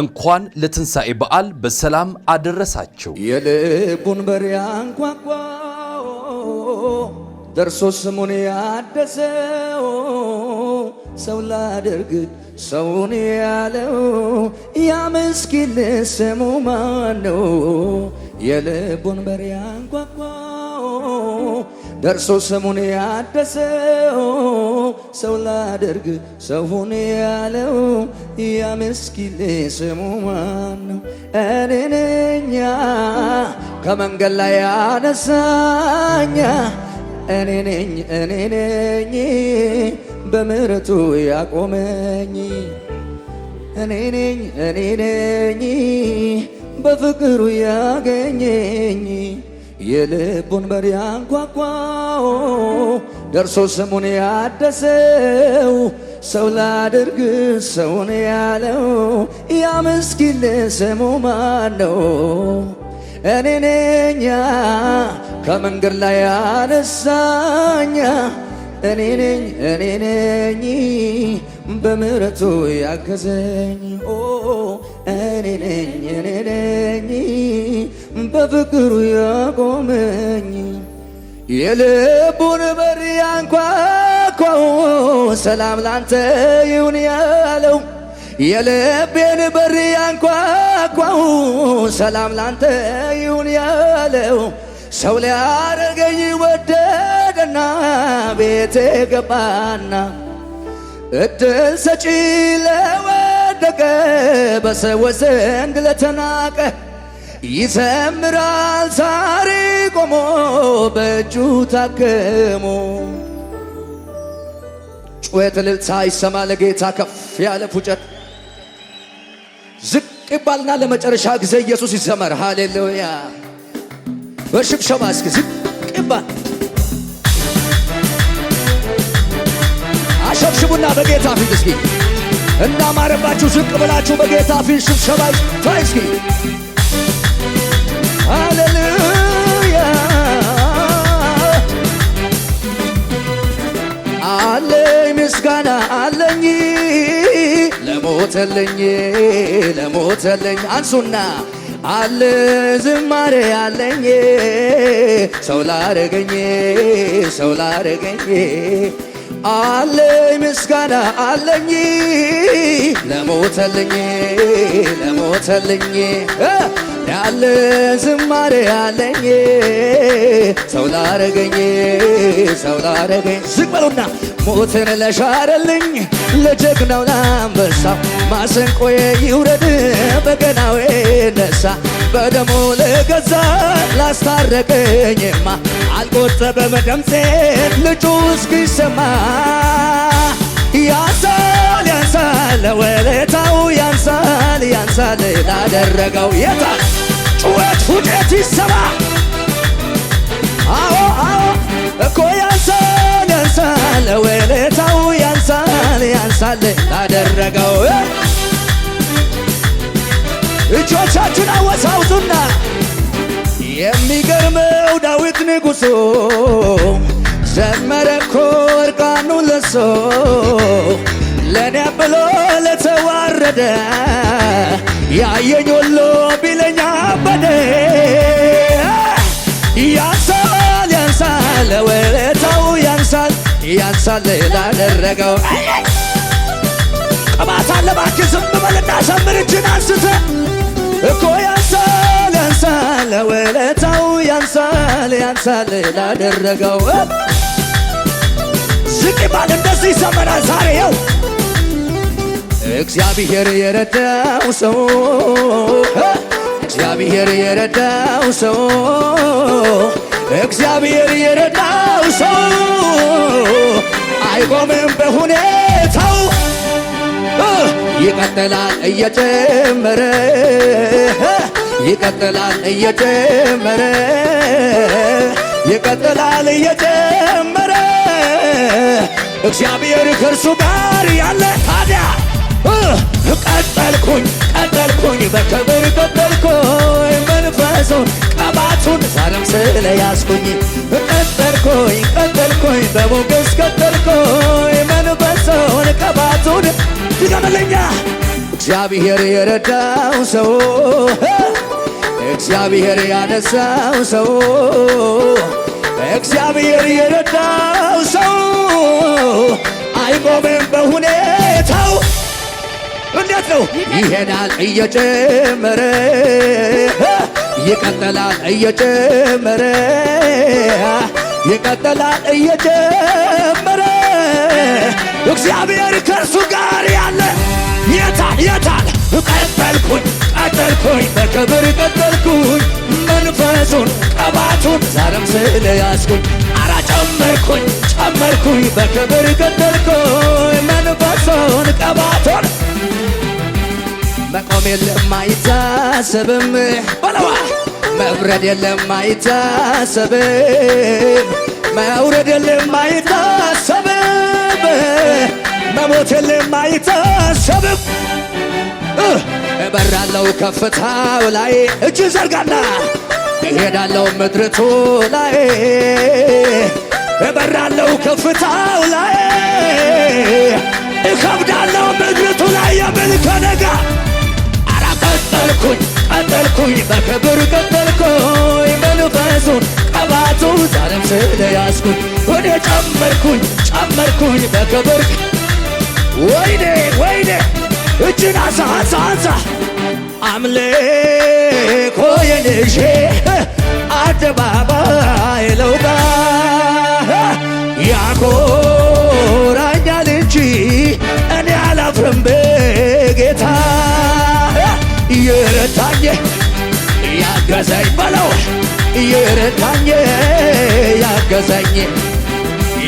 እንኳን ለትንሣኤ በዓል በሰላም አደረሳቸው። የልቡን በር ያንኳኳው ደርሶ ስሙን ያደሰው ሰው ላደርግ ሰውን ያለው ያመስኪል ስሙ ማነው? የልቡን በር ያንኳኳው ደርሶ ስሙን ያደሰው ሰው ላደርግ ሰው ሁን ያለው ያ ምስኪን ስሙ ማን ነው? እኔ ነኝ ከመንገድ ላይ ያነሳኛ እኔ ነኝ እኔ ነኝ በምሕረቱ ያቆመኝ እኔ ነኝ እኔ ነኝ በፍቅሩ ያገኘኝ የልቡን በር ያንኳኳው እርሶ ስሙን ያደሰው ሰው ላድርግ ሰውን ያለው ያ ምስኪን ስሙ ማን እኔ ነኛ ከመንገድ ላይ ያነሳኛ እኔ ነኝ እኔ ነኝ በምሕረቱ ያገዘኝ እኔ ነኝ እኔ ነኝ በፍቅሩ ያቆመኝ የልቡን በር ያንኳኳው ሰላም ላንተ ይሁን ያለው የልቤን በር ያንኳኳው ሰላም ላንተ ይሁን ያለው ሰው ሊያረገኝ ወደደና ቤቴ ገባና እድል ሰጪ ለወደቀ በሰዎች ዘንድ ለተናቀ ይዘምራል ዛሬ ቆሞ በእጁ ታክሞ ጩኸት እልልታ ይሰማ ለጌታ ከፍ ያለ ፉጨት ዝቅ ይባልና ለመጨረሻ ጊዜ ኢየሱስ ይዘመር። ሃሌሉያ በሽብሸባ እስኪ ዝቅ ይባል አሸብሽቡና በጌታ ፊት እስኪ እናማረባችሁ ዝቅ ብላችሁ በጌታ ፊት ሽብሸባ ታይ እስኪ አለኝ ምስጋና አለኝ ለሞተልኝ ለሞተልኝ አንሱና አለ ዝማሬ አለኝ ሰው ላረገኝ ሰው ላረገኝ አለኝ ምስጋና አለኝ ለሞተልኝ ለሞተልኝ ያለ ዝማሬ አለኝ ሰው ላረገኝ ሰው ላረገኝ ዝቅ በሉና ሞትን ለሻረልኝ ለጀግናው ላንበሳ ማሰንቆዬ ይውረድ በገናዌ ነሳ በደሙ ልገዛ ላስታረቀኝማ አልቆጠበም ደምሴን ልጁ እስኪሰማ ያንሳል ያንሳል ለወለታው ያንሳል ያንሳል ላደረገው የታ ጩኸት ሁጤት ይሰማ አዎ አዎ እኮ ያንሳል ያንሳል ለወለታው ያንሳል ያንሳል ላደረገው እጆቻችን አወሳውሱና የሚገርመው ዳዊት ንጉሡ ዘመረኮ እርቃኑ ለሶ ለእኔ ብሎ ለተዋረደ ያየኝ ሁሉ ቢለኛ በደ ያንሳል ያንሳል ለውለታው ያንሳል ያንሳል ላደረገው ቅባት አለባክ ዝም በልና ሰምርችን አንስተ እኮ ያንሳል ያንሳል ለውለታው ያንሳል ያንሳል ላደረገው ዝቅ ባል እንደዚህ ዘመና ዛሬ የው እግዚአብሔር የረዳው ሰው እግዚአብሔር የረዳው ሰው እግዚአብሔር የረዳው ሰው አይቆምም በሁኔታው ይቀጥላል እየጨመረ ይቀጥላል እየጨመረ ይቀጥላል እየጨመረ እግዚአብሔር ከእርሱ ጋር ያለ ታዲያ ቀጠልኩኝ ቀጠልኩኝ በክብር ቀጠልኩኝ መንፈሱን ቀባቱን ዛሬም ስለያዝኩኝ ቀጠልኩኝ ቀጠልኩኝ በሞገስ ቀጠልኩኝ መንፈ መቀባቱን ድገመለኛ እግዚአብሔር የረዳው ሰው እግዚአብሔር ያነሳው ሰው እግዚአብሔር የረዳው ሰው አይቆምም በሁኔታው። እንዴት ነው ይሄዳል እየጨመረ ይቀጥላል እየጨመረ ይቀጥላል እየጀመረ እግዚአብሔር ከእርሱ ጋር ያለ የታል የታል ቀጠልኩኝ ቀጠልኩኝ በክብር ቀጠልኩኝ መንፈሱን ቀባቱን ዛሬም ስለ ያስኩኝ አራ ጨመርኩኝ ጨመርኩኝ በክብር ቀጠልኩኝ መንፈሱን ቀባቱን መቆም የለም አይታሰብም በለዋ መውረድ የለም አይታሰብም፣ መውረድ የለም አይታሰብም፣ መሞት የለም አይታሰብም። እበራለው ከፍታው ላይ እጅ ዘርጋና እሄዳለው ምድርቱ ላይ እበራለው ከፍታው ላይ እከብዳለው ምድርቱ ላይ የምልከ ነጋ አራቀጠልኩኝ ቀጠልኩኝ በክብር ቀጠልኩኝ በንፈሱን ቀባቱ ዛሬም ስለያዝኩኝ ወደ ጨመርኩኝ ጨመርኩኝ በክብር ወይኔ ወይኔ እጅን አሳ አሳ አሳ አምልኮ የንሼ አደባባይ ለውጣ ያኮራኛል እንጂ የረታኝ ያገዘኝ በለው የረታኝ ያገዘኝ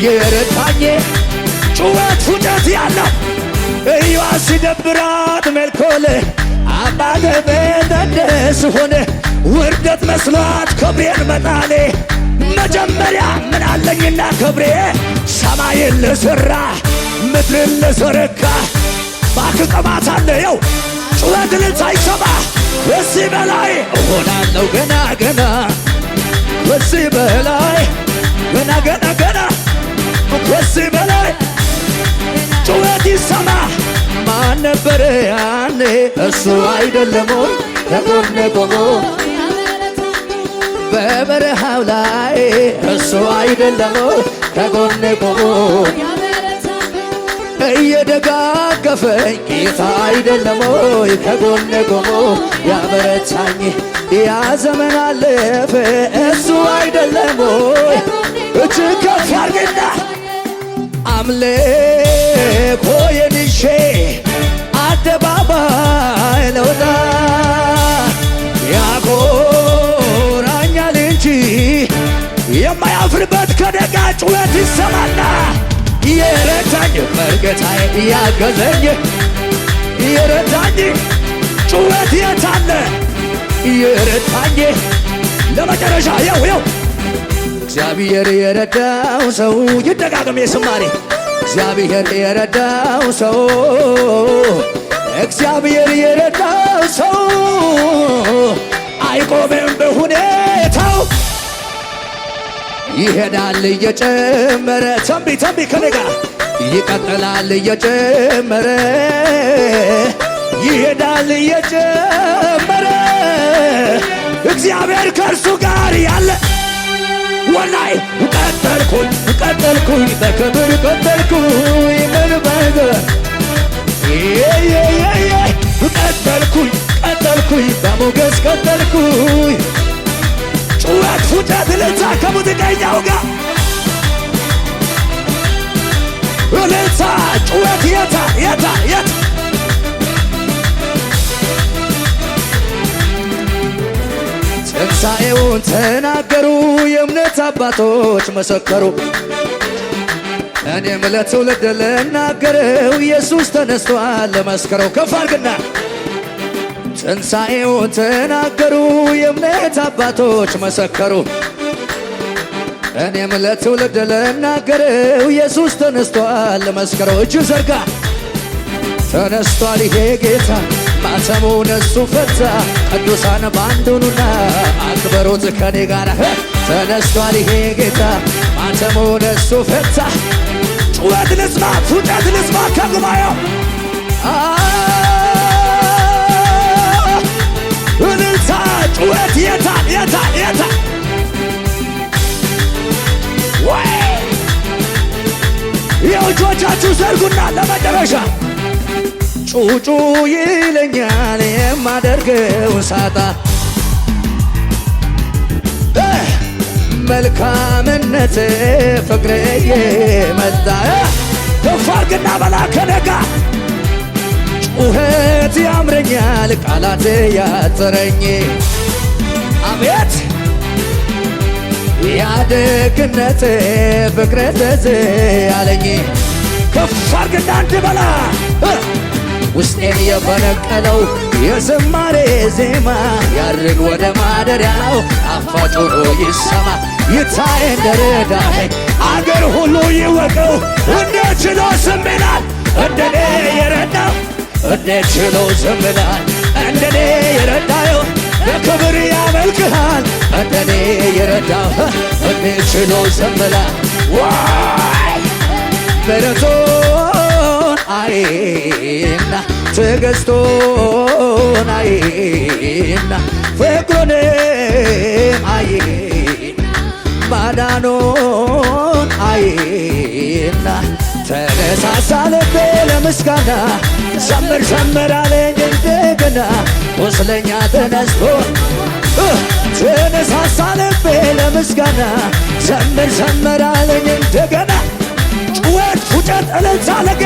የረታኝ ጩኸት ሁደት ያለው እዩዋ ሲደብራት መልኮል አባደ በተደስ ሆነ ውርደት መስሏት ክብሬን መጣሌ መጀመሪያ ምን አለኝና ክብሬ ሰማይን ልሰራ ምድርን ልዘረጋ ባክ አለየው እልልታ ይሰማ። ከዚህ በላይ እሆናለሁ ገና ገና ከዚህ በላይ ገና ገና ገና ከዚህ በላይ ጩኸት ይሰማ። ማን ነበረ ያኔ እሱ አይደለም ወይ ከጎኔ ቆሞ በበረሃው ላይ እሱ አይደለም ወይ ቆሞ እየደጋገፈኝ ጌታ አይደለም ሆይ ከጎን ቆሞ ያበረታኝ ያ ዘመን አለፈ እሱ አይደለም ሆይ እጅግ ከፍ ያርግና አምልኮዬን ይዤ አደባባይ ልውጣ ያኮራኛል እንጂ የማያፍርበት ከደጋ ጩኸት ይሰማና እየረዳኝ መርገታዬ እያገዘኝ እየረዳኝ ጩኸት የታለ እየረዳኝ ለመጨረሻ ያው ያው እግዚአብሔር የረዳው ሰው ይደጋግም የስማሬ እግዚአብሔር የረዳው ሰው እግዚአብሔር የረዳው ሰው አይቆምም ይሄዳል እየጨመረ ተንቢ ተንቢ ከኔ ጋር ይቀጥላል እየጨመረ ይሄዳል እየጨመረ እግዚአብሔር ከእርሱ ጋር ያለ ወላይ ቀጠልኩኝ ቀጠልኩኝ በክብር ቀጠልኩኝ መንበገ ቀጠልኩኝ ቀጠልኩኝ በሞገስ ቀጠልኩኝ ጩኸት፣ ፉጨት፣ እልልታ ከሙዚቀኛው ጋር እልልታ፣ ጩኸት የታ የታ የታ ትንሣኤውን ተናገሩ፣ የእምነት አባቶች መሰከሩ። እኔም ለትውልድ ልናገረው ኢየሱስ ተነስቷል፣ ለመስከረው ከፍ አድርግና ትንሣኤው ተናገሩ የእምነት አባቶች መሰከሩ። እኔም ለትውልድ ልናገረው ኢየሱስ ተነስቷል ልመስክረው። እጁ ዘርጋ ተነስቷል ይሄ ጌታ ማተሙን እሱ ፈታ። ቅዱሳን ባንዱኑና አክብሩት ከኔ ጋር ተነስቷል ይሄ ጌታ ማተሙን እሱ ፈታ። ጩኸት ልስማ፣ ጩኸት ልስማ ከጉባኤው ጩኸት የታል የታል የታል ወይ የእጆቻችሁ ዘርጉና ለመጨረሻ ጩጩ ይለኛል የማደርገው ሳጣ መልካምነት ፍቅሬ የመጣ ተፋርግና በላ ከነጋ ጩኸት ያምረኛል ቃላት ያጥረኝ አቤት ያደግነት ፍቅር ትዝ አለኝ። ከፍ አርግና በላ ውስጤን የፈነቀለው የዝማሬ ዜማ ያድርግ ወደ ማደሪያው ጣፋጭ ሆኖ ይሰማ ይታይ እንደረዳ አገር ሁሉ ይወቀው እንደ ችሎ ዝም ይላል እንደኔ የረዳው እንደ ችሎ ዝም እንደኔ የረዳየው በክብር ያመልክሃል እንደኔ የረዳ እንዴት ችሎ ዘመላ ዋይ ምሕረቱን አይና ትዕግሥቱን አይና ፍቅሩንም አይና ማዳኑን አይና ተነሳሳለ ምስጋና ዘምር ዘምር አለኝ እንደገና ቁስለኛ ተነስቶ ተነሳሳ ልቤ ለምስጋና ዘምር ዘምር አለኝ እንደገና ጩኸት ፉጨት እልልታ ለገ